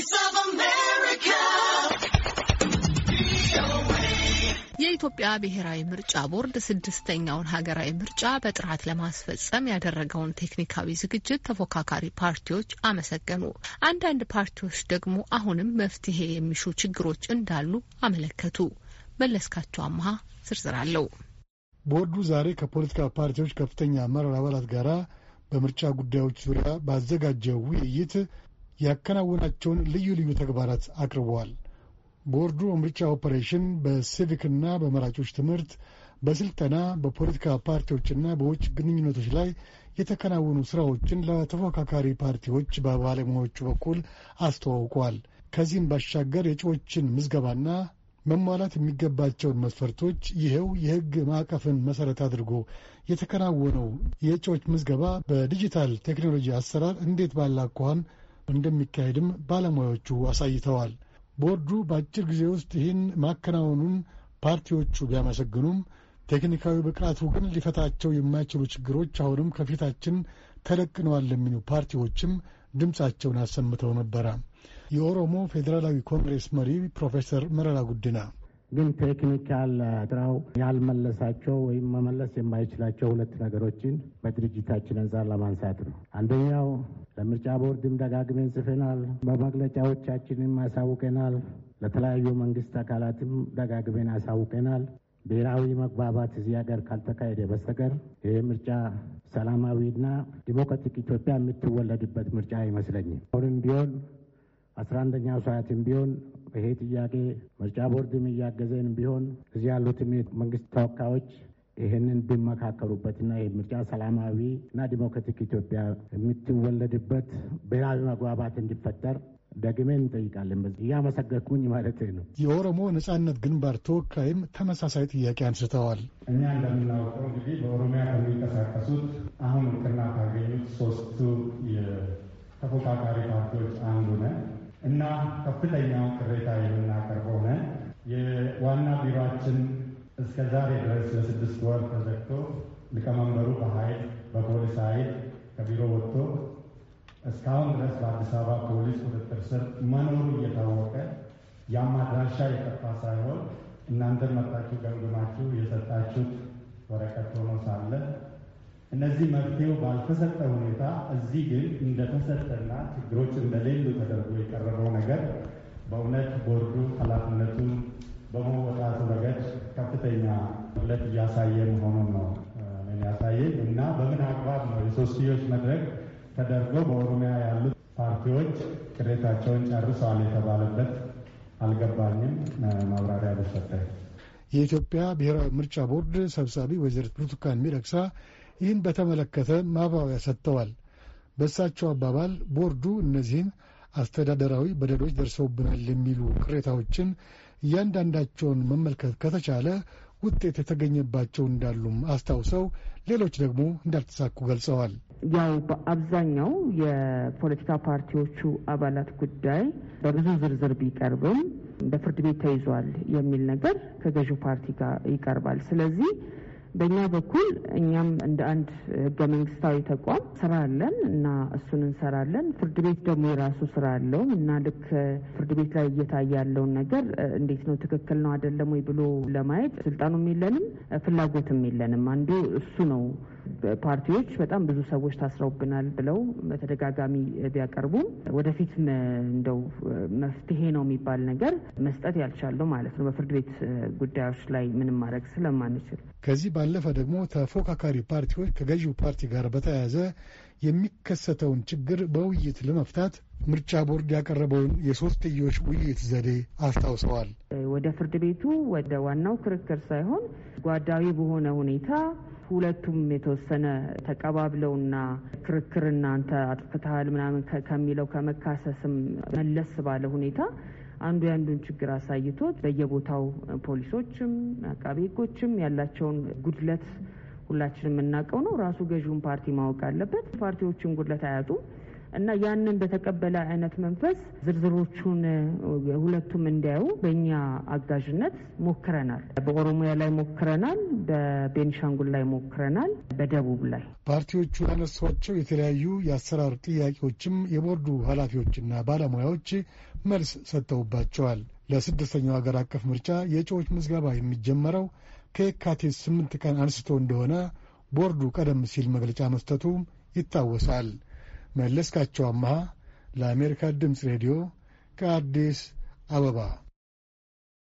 Voice of America. የኢትዮጵያ ብሔራዊ ምርጫ ቦርድ ስድስተኛውን ሀገራዊ ምርጫ በጥራት ለማስፈጸም ያደረገውን ቴክኒካዊ ዝግጅት ተፎካካሪ ፓርቲዎች አመሰገኑ። አንዳንድ ፓርቲዎች ደግሞ አሁንም መፍትሄ የሚሹ ችግሮች እንዳሉ አመለከቱ። መለስካቸው አመሀ ዝርዝር አለው። ቦርዱ ዛሬ ከፖለቲካ ፓርቲዎች ከፍተኛ አመራር አባላት ጋራ በምርጫ ጉዳዮች ዙሪያ ባዘጋጀው ውይይት ያከናወናቸውን ልዩ ልዩ ተግባራት አቅርበዋል። ቦርዱ በምርጫ ኦፐሬሽን፣ በሲቪክና በመራጮች ትምህርት፣ በስልጠና፣ በፖለቲካ ፓርቲዎችና በውጭ ግንኙነቶች ላይ የተከናወኑ ስራዎችን ለተፎካካሪ ፓርቲዎች በባለሙያዎቹ በኩል አስተዋውቋል። ከዚህም ባሻገር የእጩዎችን ምዝገባና መሟላት የሚገባቸውን መስፈርቶች ይኸው የሕግ ማዕቀፍን መሠረት አድርጎ የተከናወነው የእጩዎች ምዝገባ በዲጂታል ቴክኖሎጂ አሰራር እንዴት ባላኳን እንደሚካሄድም ባለሙያዎቹ አሳይተዋል። ቦርዱ በአጭር ጊዜ ውስጥ ይህን ማከናወኑን ፓርቲዎቹ ቢያመሰግኑም ቴክኒካዊ ብቃቱ ግን ሊፈታቸው የማይችሉ ችግሮች አሁንም ከፊታችን ተደቅነዋል ለሚሉ ፓርቲዎችም ድምፃቸውን አሰምተው ነበረ። የኦሮሞ ፌዴራላዊ ኮንግሬስ መሪ ፕሮፌሰር መረራ ጉዲና ግን ቴክኒካል ስራው ያልመለሳቸው ወይም መመለስ የማይችላቸው ሁለት ነገሮችን በድርጅታችን አንጻር ለማንሳት ነው። አንደኛው ለምርጫ ቦርድም ደጋግመን ጽፈናል፣ በመግለጫዎቻችንም አሳውቀናል፣ ለተለያዩ መንግስት አካላትም ደጋግመን አሳውቀናል። ብሔራዊ መግባባት እዚህ ሀገር ካልተካሄደ በስተቀር ይህ ምርጫ ሰላማዊና ዲሞክራቲክ ኢትዮጵያ የምትወለድበት ምርጫ አይመስለኝም። አሁንም ቢሆን አስራ አንደኛው ሰዓትም ቢሆን ይሄ ጥያቄ ምርጫ ቦርድም እያገዘን ቢሆን እዚህ ያሉትም መንግስት ተወካዮች ይህንን ቢመካከሩበትና ይህ ምርጫ እና ዲሞክራቲክ ኢትዮጵያ የምትወለድበት ብሔራዊ መግባባት እንዲፈጠር ደግሜን እንጠይቃለን። በዚህ እያመሰገንኩኝ ማለት ነው። የኦሮሞ ነጻነት ግንባር ተወካይም ተመሳሳይ ጥያቄ አንስተዋል። እኛ እንደምናውቀው እንግዲህ በኦሮሚያ ከሚንቀሳቀሱት አሁን እውቅና ካገኙት ሶስቱ የተፎካካሪ ፓርቲዎች አንዱ ነን። እና ከፍተኛው ቅሬታ የምናቀርበው ሆነ የዋና ቢሮችን እስከ ዛሬ ድረስ ለስድስት ወር ተዘግቶ ሊቀመንበሩ በኃይል በፖሊስ ኃይል ከቢሮ ወጥቶ እስካሁን ድረስ በአዲስ አበባ ፖሊስ ቁጥጥር ስር መኖሩ እየታወቀ ያም አድራሻ የጠፋ ሳይሆን እናንተ መጣችሁ ገምግማችሁ የሰጣችሁት ወረቀት ሆኖ ሳለ እነዚህ መፍትሄው ባልተሰጠ ሁኔታ እዚህ ግን እንደተሰጠና ችግሮች እንደሌሉ ተደርጎ የቀረበው ነገር በእውነት ቦርዱ ኃላፊነቱን በመወጣቱ ረገድ ከፍተኛ ብለት እያሳየ መሆኑን ነው ያሳየ እና በምን አግባብ ነው የሶስትዮሽ መድረክ ተደርጎ በኦሮሚያ ያሉት ፓርቲዎች ቅሬታቸውን ጨርሰዋል የተባለበት አልገባኝም። ማብራሪያ በሰጠ የኢትዮጵያ ብሔራዊ ምርጫ ቦርድ ሰብሳቢ ወይዘሪት ብርቱካን ሚደቅሳ ይህን በተመለከተ ማብራሪያ ሰጥተዋል። በእሳቸው አባባል ቦርዱ እነዚህን አስተዳደራዊ በደሎች ደርሰውብናል የሚሉ ቅሬታዎችን እያንዳንዳቸውን መመልከት ከተቻለ ውጤት የተገኘባቸው እንዳሉም አስታውሰው ሌሎች ደግሞ እንዳልተሳኩ ገልጸዋል። ያው በአብዛኛው የፖለቲካ ፓርቲዎቹ አባላት ጉዳይ በብዙ ዝርዝር ቢቀርብም በፍርድ ቤት ተይዟል የሚል ነገር ከገዢው ፓርቲ ጋር ይቀርባል። ስለዚህ በእኛ በኩል እኛም እንደ አንድ ህገ መንግስታዊ ተቋም ስራ አለን እና እሱን እንሰራለን። ፍርድ ቤት ደግሞ የራሱ ስራ አለው እና ልክ ፍርድ ቤት ላይ እየታየ ያለውን ነገር እንዴት ነው ትክክል ነው አይደለም ወይ ብሎ ለማየት ስልጣኑም የለንም፣ ፍላጎትም የለንም። አንዱ እሱ ነው። ፓርቲዎች በጣም ብዙ ሰዎች ታስረውብናል ብለው በተደጋጋሚ ቢያቀርቡም ወደፊት እንደው መፍትሄ ነው የሚባል ነገር መስጠት ያልቻለው ማለት ነው በፍርድ ቤት ጉዳዮች ላይ ምንም ማድረግ ስለማንችል። ከዚህ ባለፈ ደግሞ ተፎካካሪ ፓርቲዎች ከገዢው ፓርቲ ጋር በተያያዘ የሚከሰተውን ችግር በውይይት ለመፍታት ምርጫ ቦርድ ያቀረበውን የሶስትዮሽ ውይይት ዘዴ አስታውሰዋል። ወደ ፍርድ ቤቱ ወደ ዋናው ክርክር ሳይሆን ጓዳዊ በሆነ ሁኔታ ሁለቱም የተወሰነ ተቀባብለውና ክርክርና አንተ አጥፍተሃል ምናምን ከሚለው ከመካሰስም መለስ ባለ ሁኔታ አንዱ የአንዱን ችግር አሳይቶት በየቦታው ፖሊሶችም አቃቤ ሕጎችም ያላቸውን ጉድለት ሁላችንም የምናውቀው ነው። ራሱ ገዢውን ፓርቲ ማወቅ አለበት። ፓርቲዎችን ጉድለት አያጡም። እና ያንን በተቀበለ አይነት መንፈስ ዝርዝሮቹን ሁለቱም እንዲያዩ በእኛ አጋዥነት ሞክረናል። በኦሮሚያ ላይ ሞክረናል፣ በቤንሻንጉል ላይ ሞክረናል፣ በደቡብ ላይ። ፓርቲዎቹ ያነሷቸው የተለያዩ የአሰራር ጥያቄዎችም የቦርዱ ኃላፊዎችና ባለሙያዎች መልስ ሰጥተውባቸዋል። ለስድስተኛው ሀገር አቀፍ ምርጫ የእጩዎች ምዝገባ የሚጀመረው ከየካቲት ስምንት ቀን አንስቶ እንደሆነ ቦርዱ ቀደም ሲል መግለጫ መስጠቱ ይታወሳል። መለስካቸው አማሃ ለአሜሪካ ድምፅ ሬዲዮ ከአዲስ አበባ